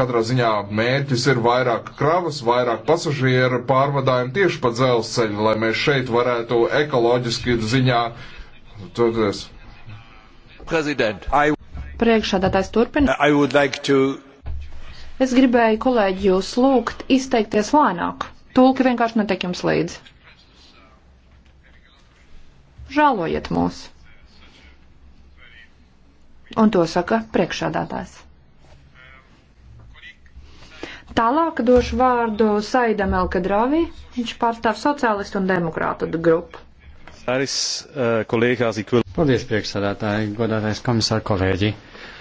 Katrā ziņā mērķis ir vairāk kravas, vairāk pasažieru pārvadājumu tieši pa dzelzceļu, lai mēs šeit varētu ekoloģiski ziņā. Toties. Prezident. I... Priekšādātājs turpina. Like to... Es gribēju kolēģi jūs lūgt izteikties lēnāk. Tulki vienkārši netiek jums līdzi. Žālojiet mūs. Un to saka priekšādātājs. Tālāk došu vārdu Saidam Elkadravī, viņš pārstāv sociālistu un demokrātu grupu. Eh, Paldies, priekšsādātāji, godātais komisāri kolēģi. Uh,